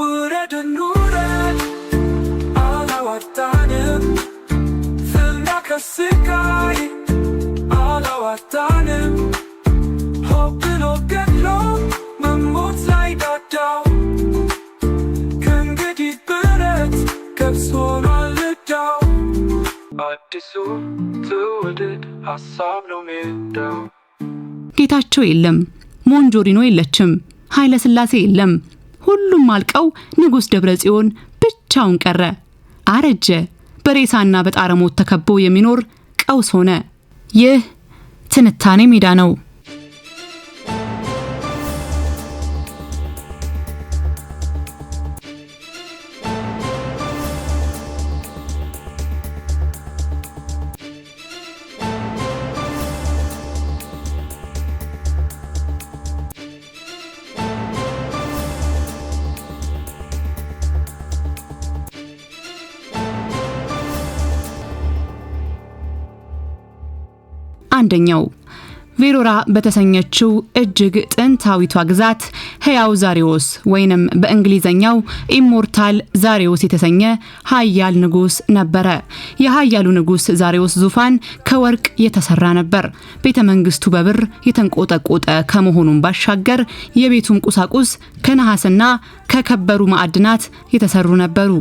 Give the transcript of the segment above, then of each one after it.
ውረድ እንውረድ አላዋጣንም፣ መሞት ላይ ዳዳው ብረት ገብስ ሆኗል ጌታቸው የለም፣ ሞንጆሪኖ የለችም፣ ኃይለሥላሴ የለም ሁሉም አልቀው ንጉሥ ደብረ ጽዮን ብቻውን ቀረ። አረጀ። በሬሳና በጣረሞት ተከቦ የሚኖር ቀውስ ሆነ። ይህ ትንታኔ ሜዳ ነው። አንደኛው ቬሮራ በተሰኘችው እጅግ ጥንታዊቷ ግዛት ሕያው ዛሬዎስ ወይንም በእንግሊዘኛው ኢሞርታል ዛሬዎስ የተሰኘ ኃያል ንጉስ ነበረ። የኃያሉ ንጉስ ዛሬዎስ ዙፋን ከወርቅ የተሰራ ነበር። ቤተ መንግስቱ በብር የተንቆጠቆጠ ከመሆኑም ባሻገር የቤቱም ቁሳቁስ ከነሐስና ከከበሩ ማዕድናት የተሰሩ ነበሩ።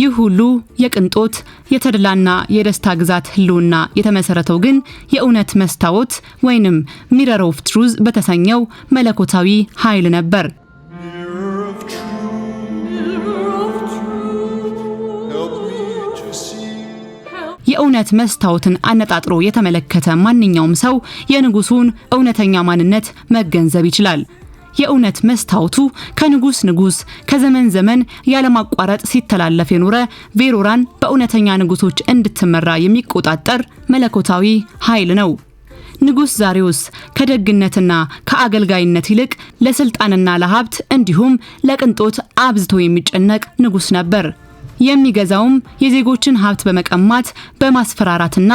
ይህ ሁሉ የቅንጦት የተድላና የደስታ ግዛት ህልውና የተመሰረተው ግን የእውነት መስታወት ወይንም ሚረር ኦፍ ትሩዝ በተሰኘው መለኮታዊ ኃይል ነበር። የእውነት መስታወትን አነጣጥሮ የተመለከተ ማንኛውም ሰው የንጉሱን እውነተኛ ማንነት መገንዘብ ይችላል። የእውነት መስታወቱ ከንጉስ ንጉስ ከዘመን ዘመን ያለማቋረጥ ሲተላለፍ የኖረ ቬሮራን በእውነተኛ ንጉሶች እንድትመራ የሚቆጣጠር መለኮታዊ ኃይል ነው። ንጉስ ዛሬውስ ከደግነትና ከአገልጋይነት ይልቅ ለስልጣንና ለሀብት እንዲሁም ለቅንጦት አብዝቶ የሚጨነቅ ንጉስ ነበር። የሚገዛውም የዜጎችን ሀብት በመቀማት በማስፈራራትና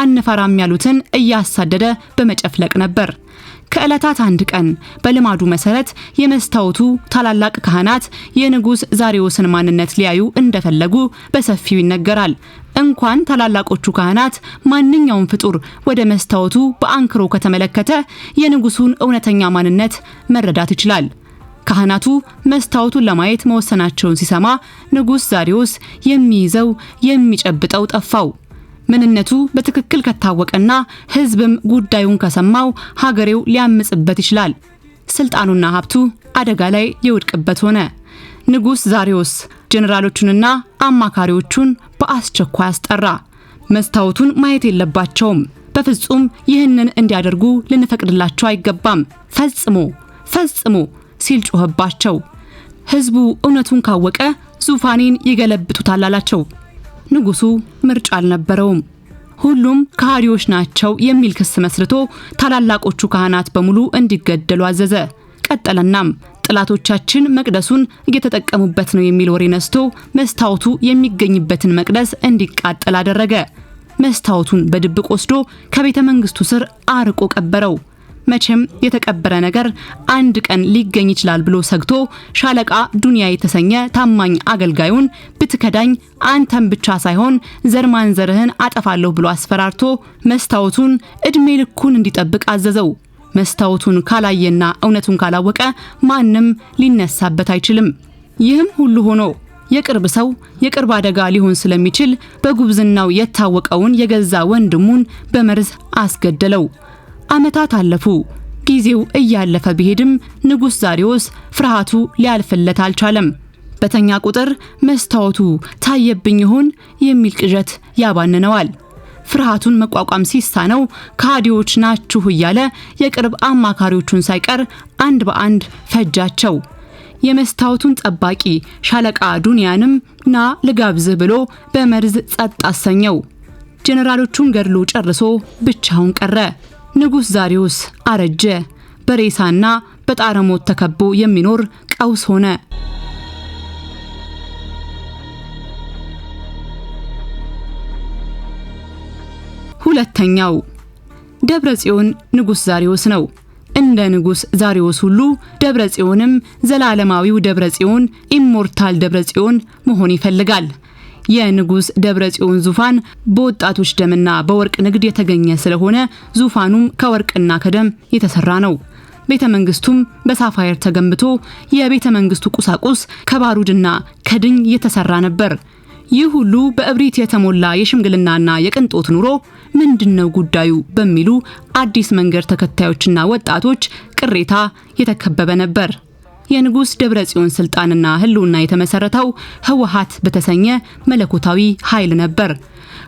አንፈራም ያሉትን እያሳደደ በመጨፍለቅ ነበር። ከዕለታት አንድ ቀን በልማዱ መሰረት የመስታወቱ ታላላቅ ካህናት የንጉሥ ዛሬዎስን ማንነት ሊያዩ እንደፈለጉ በሰፊው ይነገራል። እንኳን ታላላቆቹ ካህናት ማንኛውም ፍጡር ወደ መስታወቱ በአንክሮ ከተመለከተ የንጉሱን እውነተኛ ማንነት መረዳት ይችላል። ካህናቱ መስታወቱን ለማየት መወሰናቸውን ሲሰማ ንጉሥ ዛሬዎስ የሚይዘው የሚጨብጠው ጠፋው። ምንነቱ በትክክል ከታወቀና ህዝብም ጉዳዩን ከሰማው ሀገሬው ሊያምጽበት ይችላል። ስልጣኑና ሀብቱ አደጋ ላይ የውድቅበት ሆነ። ንጉሥ ዛሬዎስ ጄኔራሎቹንና አማካሪዎቹን በአስቸኳይ አስጠራ። መስታወቱን ማየት የለባቸውም። በፍጹም ይህንን እንዲያደርጉ ልንፈቅድላቸው አይገባም። ፈጽሞ ፈጽሞ ሲል ጮኸባቸው። ህዝቡ እውነቱን ካወቀ ዙፋኔን ይገለብጡታል አላቸው። ንጉሱ ምርጫ አልነበረውም። ሁሉም ከሃዲዎች ናቸው የሚል ክስ መስርቶ ታላላቆቹ ካህናት በሙሉ እንዲገደሉ አዘዘ። ቀጠለናም ጠላቶቻችን መቅደሱን እየተጠቀሙበት ነው የሚል ወሬ ነስቶ መስታወቱ የሚገኝበትን መቅደስ እንዲቃጠል አደረገ። መስታወቱን በድብቅ ወስዶ ከቤተ መንግስቱ ስር አርቆ ቀበረው። መቼም የተቀበረ ነገር አንድ ቀን ሊገኝ ይችላል ብሎ ሰግቶ ሻለቃ ዱንያ የተሰኘ ታማኝ አገልጋዩን ብትከዳኝ አንተን ብቻ ሳይሆን ዘርማን ዘርህን አጠፋለሁ ብሎ አስፈራርቶ መስታወቱን እድሜ ልኩን እንዲጠብቅ አዘዘው። መስታወቱን ካላየና እውነቱን ካላወቀ ማንም ሊነሳበት አይችልም። ይህም ሁሉ ሆኖ የቅርብ ሰው የቅርብ አደጋ ሊሆን ስለሚችል በጉብዝናው የታወቀውን የገዛ ወንድሙን በመርዝ አስገደለው። ዓመታት አለፉ። ጊዜው እያለፈ ቢሄድም ንጉሥ ዛሪዎስ ፍርሃቱ ሊያልፍለት አልቻለም። በተኛ ቁጥር መስታወቱ ታየብኝ ይሆን የሚል ቅዠት ያባንነዋል። ፍርሃቱን መቋቋም ሲሳነው ከሃዲዎች ናችሁ እያለ የቅርብ አማካሪዎቹን ሳይቀር አንድ በአንድ ፈጃቸው። የመስታወቱን ጠባቂ ሻለቃ ዱንያንም ና ልጋብዝህ ብሎ በመርዝ ጸጥ አሰኘው። ጄኔራሎቹን ገድሎ ጨርሶ ብቻውን ቀረ። ንጉሥ ዛሪዮስ አረጀ። በሬሳና በጣረሞት ተከቦ የሚኖር ቀውስ ሆነ። ሁለተኛው ደብረ ጽዮን ንጉሥ ዛሪዮስ ነው። እንደ ንጉሥ ዛሪዮስ ሁሉ ደብረ ጽዮንም ዘላለማዊው ደብረ ጽዮን ኢሞርታል ደብረ ጽዮን መሆን ይፈልጋል። የንጉስ ደብረ ጽዮን ዙፋን በወጣቶች ደምና በወርቅ ንግድ የተገኘ ስለሆነ ዙፋኑም ከወርቅና ከደም የተሰራ ነው። ቤተ መንግስቱም በሳፋየር ተገንብቶ የቤተ መንግስቱ ቁሳቁስ ከባሩድና ከድኝ የተሰራ ነበር። ይህ ሁሉ በእብሪት የተሞላ የሽምግልናና የቅንጦት ኑሮ ምንድነው ጉዳዩ በሚሉ አዲስ መንገድ ተከታዮችና ወጣቶች ቅሬታ የተከበበ ነበር። የንጉስ ደብረ ጽዮን ስልጣንና ህልውና የተመሰረተው ህወሓት በተሰኘ መለኮታዊ ኃይል ነበር።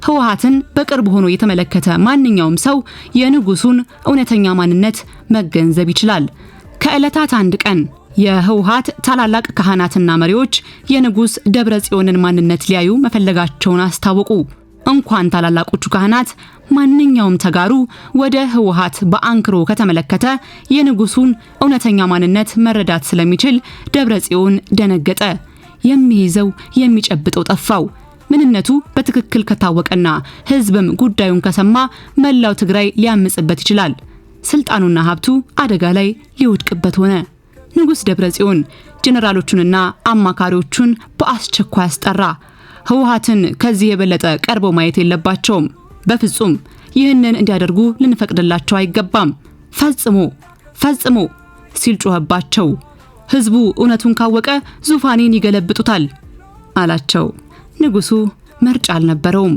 ህወሓትን በቅርብ ሆኖ የተመለከተ ማንኛውም ሰው የንጉሱን እውነተኛ ማንነት መገንዘብ ይችላል። ከዕለታት አንድ ቀን የህወሓት ታላላቅ ካህናትና መሪዎች የንጉስ ደብረ ጽዮንን ማንነት ሊያዩ መፈለጋቸውን አስታወቁ። እንኳን ታላላቆቹ ካህናት ማንኛውም ተጋሩ ወደ ህወሓት በአንክሮ ከተመለከተ የንጉሱን እውነተኛ ማንነት መረዳት ስለሚችል ደብረ ጽዮን ደነገጠ። የሚይዘው የሚጨብጠው ጠፋው። ምንነቱ በትክክል ከታወቀና ህዝብም ጉዳዩን ከሰማ መላው ትግራይ ሊያምጽበት ይችላል። ስልጣኑና ሀብቱ አደጋ ላይ ሊወድቅበት ሆነ። ንጉስ ደብረ ጽዮን ጄኔራሎቹንና አማካሪዎቹን በአስቸኳይ አስጠራ። ህወሓትን ከዚህ የበለጠ ቀርቦ ማየት የለባቸውም። በፍጹም ይህንን እንዲያደርጉ ልንፈቅድላቸው አይገባም። ፈጽሞ ፈጽሞ ሲል ጮኸባቸው። ህዝቡ እውነቱን ካወቀ ዙፋኔን ይገለብጡታል አላቸው። ንጉሱ ምርጫ አልነበረውም።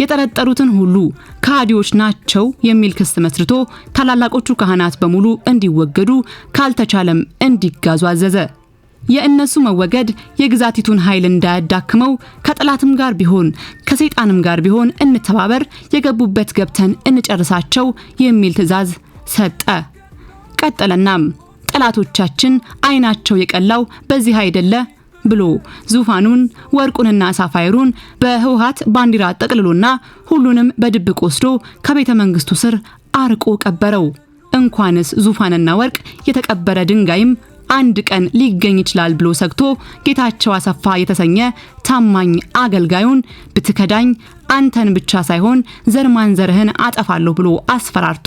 የጠረጠሩትን ሁሉ ከሃዲዎች ናቸው የሚል ክስ መስርቶ ታላላቆቹ ካህናት በሙሉ እንዲወገዱ ካልተቻለም እንዲጋዙ አዘዘ። የእነሱ መወገድ የግዛቲቱን ኃይል እንዳያዳክመው ከጠላትም ጋር ቢሆን ከሰይጣንም ጋር ቢሆን እንተባበር፣ የገቡበት ገብተን እንጨርሳቸው የሚል ትዕዛዝ ሰጠ። ቀጠለናም ጠላቶቻችን አይናቸው የቀላው በዚህ አይደለ ብሎ ዙፋኑን ወርቁንና ሳፋይሩን በህውሃት ባንዲራ ጠቅልሎና ሁሉንም በድብቅ ወስዶ ከቤተ መንግስቱ ስር አርቆ ቀበረው። እንኳንስ ዙፋንና ወርቅ የተቀበረ ድንጋይም አንድ ቀን ሊገኝ ይችላል ብሎ ሰግቶ ጌታቸው አሰፋ የተሰኘ ታማኝ አገልጋዩን ብትከዳኝ አንተን ብቻ ሳይሆን ዘር ማንዘርህን አጠፋለሁ ብሎ አስፈራርቶ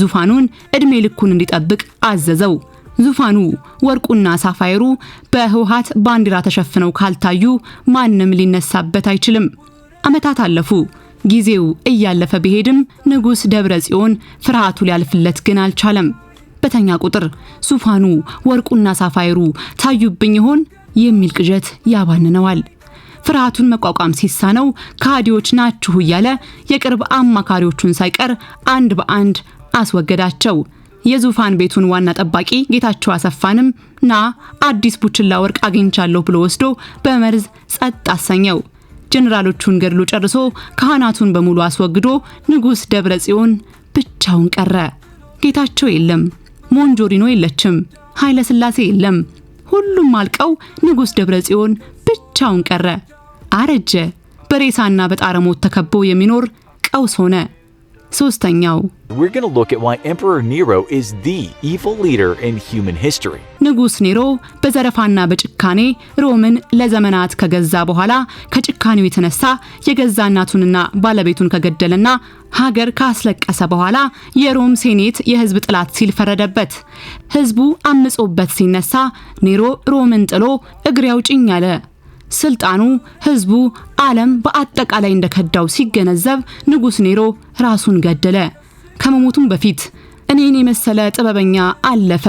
ዙፋኑን እድሜ ልኩን እንዲጠብቅ አዘዘው። ዙፋኑ ወርቁና ሳፋይሩ በህውሃት ባንዲራ ተሸፍነው ካልታዩ ማንም ሊነሳበት አይችልም። ዓመታት አለፉ። ጊዜው እያለፈ ቢሄድም ንጉሥ ደብረ ጽዮን ፍርሃቱ ሊያልፍለት ግን አልቻለም። በተኛ ቁጥር ዙፋኑ ወርቁና ሳፋይሩ ታዩብኝ ይሆን የሚል ቅዠት ያባንነዋል። ፍርሃቱን መቋቋም ሲሳነው ከሃዲዎች ናችሁ እያለ የቅርብ አማካሪዎቹን ሳይቀር አንድ በአንድ አስወገዳቸው። የዙፋን ቤቱን ዋና ጠባቂ ጌታቸው አሰፋንም ና አዲስ ቡችላ ወርቅ አግኝቻለሁ ብሎ ወስዶ በመርዝ ጸጥ አሰኘው። ጀኔራሎቹን ገድሎ ጨርሶ ካህናቱን በሙሉ አስወግዶ ንጉሥ ደብረ ጽዮን ብቻውን ቀረ። ጌታቸው የለም። ሞንጆሪኖ የለችም፣ ኃይለ ሥላሴ የለም። ሁሉም አልቀው ንጉሥ ደብረ ጽዮን ብቻውን ቀረ። አረጀ። በሬሳና በጣረሞት ተከቦ የሚኖር ቀውስ ሆነ። ሶስተኛው we're going to look at why Emperor Nero is the evil leader in human history. ንጉስ ኔሮ በዘረፋና በጭካኔ ሮምን ለዘመናት ከገዛ በኋላ ከጭካኔው የተነሳ የገዛ እናቱንና ባለቤቱን ከገደለና ሀገር ካስለቀሰ በኋላ የሮም ሴኔት የህዝብ ጥላት ሲል ፈረደበት። ህዝቡ አምጾበት ሲነሳ ኔሮ ሮምን ጥሎ እግሬ አውጭኝ አለ። ስልጣኑ ህዝቡ፣ ዓለም በአጠቃላይ እንደከዳው ሲገነዘብ ንጉስ ኔሮ ራሱን ገደለ። ከመሞቱም በፊት እኔን የመሰለ ጥበበኛ አለፈ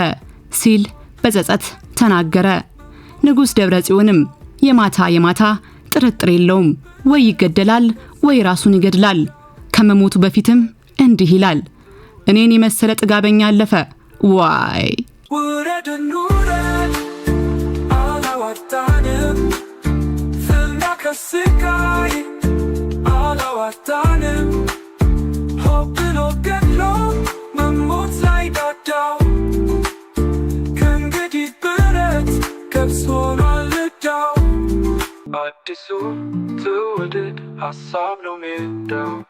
ሲል በጸጸት ተናገረ። ንጉሥ ደብረ ጽዮንም የማታ የማታ ጥርጥር የለውም ወይ ይገደላል ወይ ራሱን ይገድላል። ከመሞቱ በፊትም እንዲህ ይላል፣ እኔን የመሰለ ጥጋበኛ አለፈ ዋይ አላዋጣንም ፍና አላዋጣንም to it, I saw no mirror down.